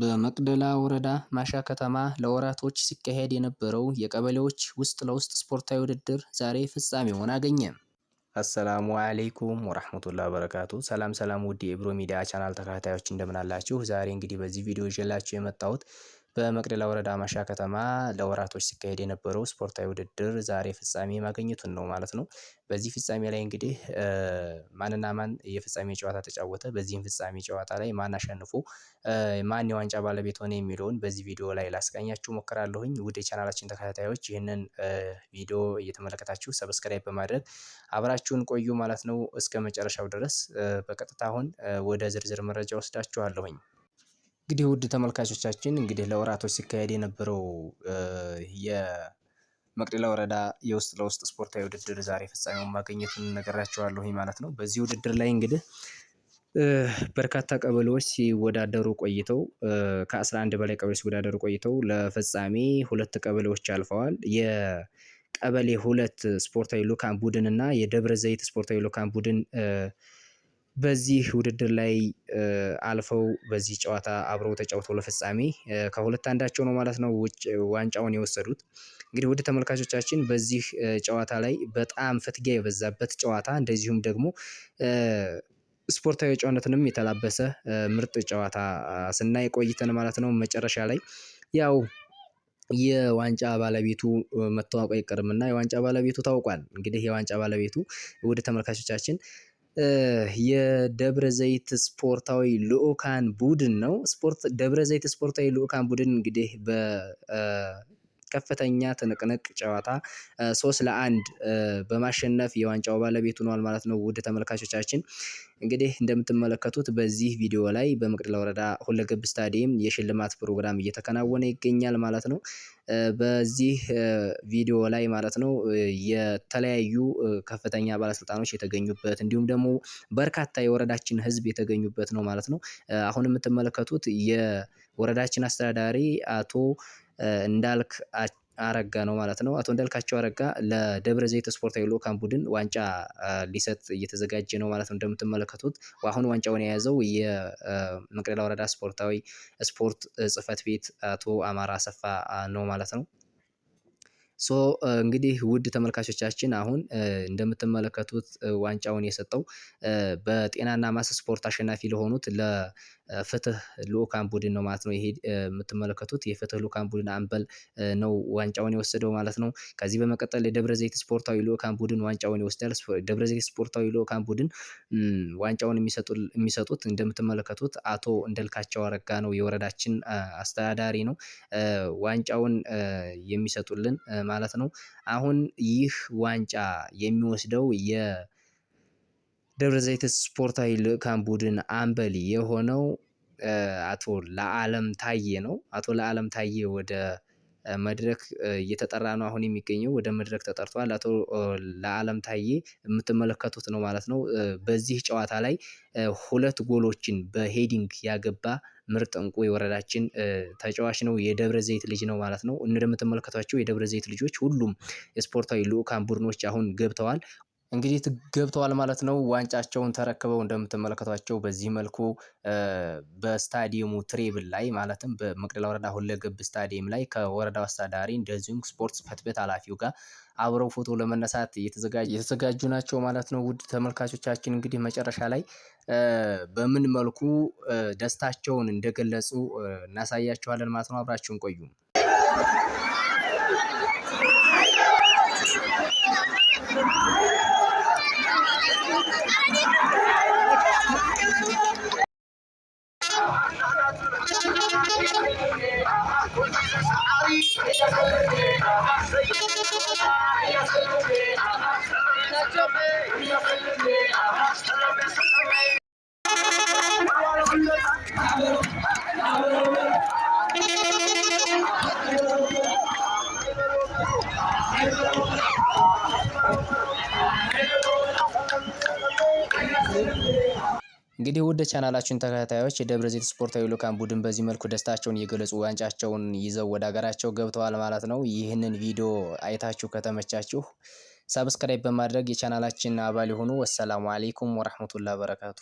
በመቅደላ ወረዳ ማሻ ከተማ ለወራቶች ሲካሄድ የነበረው የቀበሌዎች ውስጥ ለውስጥ ስፖርታዊ ውድድር ዛሬ ፍጻሜውን አገኘ። አሰላሙ አለይኩም ወራህመቱላ በረካቱ። ሰላም ሰላም፣ ውድ የኢብሮ ሚዲያ ቻናል ተከታታዮች እንደምን አላችሁ? ዛሬ እንግዲህ በዚህ ቪዲዮ ይዤላችሁ የመጣሁት በመቅደላ ወረዳ ማሻ ከተማ ለወራቶች ሲካሄድ የነበረው ስፖርታዊ ውድድር ዛሬ ፍጻሜ ማግኘቱን ነው ማለት ነው። በዚህ ፍጻሜ ላይ እንግዲህ ማንና ማን የፍጻሜ ጨዋታ ተጫወተ፣ በዚህም ፍጻሜ ጨዋታ ላይ ማን አሸንፎ ማን የዋንጫ ባለቤት ሆነ የሚለውን በዚህ ቪዲዮ ላይ ላስቃኛችሁ ሞክራለሁኝ። ውድ የቻናላችን ተከታታዮች ይህንን ቪዲዮ እየተመለከታችሁ ሰብስክራይብ በማድረግ አብራችሁን ቆዩ ማለት ነው እስከ መጨረሻው ድረስ። በቀጥታ አሁን ወደ ዝርዝር መረጃ ወስዳችኋለሁኝ። እንግዲህ ውድ ተመልካቾቻችን እንግዲህ ለወራቶች ሲካሄድ የነበረው የመቅደላ ወረዳ የውስጥ ለውስጥ ስፖርታዊ ውድድር ዛሬ ፍጻሜውን ማግኘቱን ነገራቸዋለሁኝ ማለት ነው። በዚህ ውድድር ላይ እንግዲህ በርካታ ቀበሌዎች ሲወዳደሩ ቆይተው ከአስራ አንድ በላይ ቀበሌዎች ሲወዳደሩ ቆይተው ለፍጻሜ ሁለት ቀበሌዎች አልፈዋል። የቀበሌ ሁለት ስፖርታዊ ልኡካን ቡድን እና የደብረ ዘይት ስፖርታዊ ልኡካን ቡድን በዚህ ውድድር ላይ አልፈው በዚህ ጨዋታ አብረው ተጫውተው ለፍጻሜ ከሁለት አንዳቸው ነው ማለት ነው ውጭ ዋንጫውን የወሰዱት። እንግዲህ ውድ ተመልካቾቻችን በዚህ ጨዋታ ላይ በጣም ፍትጊያ የበዛበት ጨዋታ እንደዚሁም ደግሞ ስፖርታዊ ጨዋነትንም የተላበሰ ምርጥ ጨዋታ ስናይ ቆይተን ማለት ነው መጨረሻ ላይ ያው የዋንጫ ባለቤቱ መታወቁ አይቀርምና የዋንጫ ባለቤቱ ታውቋል። እንግዲህ የዋንጫ ባለቤቱ ውድ ተመልካቾቻችን የደብረ ዘይት ስፖርታዊ ልዑካን ቡድን ነው። ስፖርት ደብረ ዘይት ስፖርታዊ ልዑካን ቡድን እንግዲህ በ ከፍተኛ ትንቅንቅ ጨዋታ ሶስት ለአንድ በማሸነፍ የዋንጫው ባለቤት ሆኗል ማለት ነው። ውድ ተመልካቾቻችን እንግዲህ እንደምትመለከቱት በዚህ ቪዲዮ ላይ በመቅደላ ወረዳ ሁለገብ ስታዲየም የሽልማት ፕሮግራም እየተከናወነ ይገኛል ማለት ነው። በዚህ ቪዲዮ ላይ ማለት ነው የተለያዩ ከፍተኛ ባለስልጣኖች የተገኙበት እንዲሁም ደግሞ በርካታ የወረዳችን ሕዝብ የተገኙበት ነው ማለት ነው። አሁን የምትመለከቱት የወረዳችን አስተዳዳሪ አቶ እንዳልክ አረጋ ነው ማለት ነው። አቶ እንዳልካቸው አረጋ ለደብረ ዘይት ስፖርታዊ ልዑካን ቡድን ዋንጫ ሊሰጥ እየተዘጋጀ ነው ማለት ነው። እንደምትመለከቱት አሁን ዋንጫውን የያዘው የመቅደላ ወረዳ ስፖርታዊ ስፖርት ጽህፈት ቤት አቶ አማራ አሰፋ ነው ማለት ነው። ሶ እንግዲህ ውድ ተመልካቾቻችን አሁን እንደምትመለከቱት ዋንጫውን የሰጠው በጤናና ማስ ስፖርት አሸናፊ ለሆኑት ለ ፍትህ ልኡካን ቡድን ነው ማለት ነው። ይሄ የምትመለከቱት የፍትህ ልኡካን ቡድን አምበል ነው ዋንጫውን የወሰደው ማለት ነው። ከዚህ በመቀጠል የደብረ ዘይት ስፖርታዊ ልኡካን ቡድን ዋንጫውን ይወስዳል። ደብረ ዘይት ስፖርታዊ ልኡካን ቡድን ዋንጫውን የሚሰጡት እንደምትመለከቱት አቶ እንደልካቸው አረጋ ነው፣ የወረዳችን አስተዳዳሪ ነው ዋንጫውን የሚሰጡልን ማለት ነው። አሁን ይህ ዋንጫ የሚወስደው የ ደብረ ዘይት ስፖርታዊ ልዑካን ቡድን አምበል የሆነው አቶ ለዓለም ታዬ ነው። አቶ ለዓለም ታዬ ወደ መድረክ እየተጠራ ነው አሁን የሚገኘው ወደ መድረክ ተጠርቷል። አቶ ለዓለም ታዬ የምትመለከቱት ነው ማለት ነው። በዚህ ጨዋታ ላይ ሁለት ጎሎችን በሄዲንግ ያገባ ምርጥ እንቁ የወረዳችን ተጫዋች ነው። የደብረ ዘይት ልጅ ነው ማለት ነው። እንደምትመለከቷቸው የደብረ ዘይት ልጆች ሁሉም የስፖርታዊ ልዑካን ቡድኖች አሁን ገብተዋል። እንግዲህ ገብተዋል ማለት ነው። ዋንጫቸውን ተረክበው እንደምትመለከቷቸው በዚህ መልኩ በስታዲየሙ ትሬብል ላይ ማለትም በመቅደላ ወረዳ ሁለገብ ስታዲየም ላይ ከወረዳው አስተዳዳሪ እንደዚሁም ስፖርት ጽሕፈት ቤት ኃላፊው ጋር አብረው ፎቶ ለመነሳት የተዘጋጁ ናቸው ማለት ነው። ውድ ተመልካቾቻችን እንግዲህ መጨረሻ ላይ በምን መልኩ ደስታቸውን እንደገለጹ እናሳያቸዋለን ማለት ነው። አብራችሁን ቆዩ። Yes, እንግዲህ ውድ ቻናላችን ተከታታዮች የደብረ ዘይት ስፖርታዊ ልዑካን ቡድን በዚህ መልኩ ደስታቸውን እየገለጹ ዋንጫቸውን ይዘው ወደ ሀገራቸው ገብተዋል ማለት ነው። ይህንን ቪዲዮ አይታችሁ ከተመቻችሁ ሰብስክራይብ በማድረግ የቻናላችን አባል የሆኑ ወሰላሙ አሌይኩም ወራህመቱላሂ በረካቱ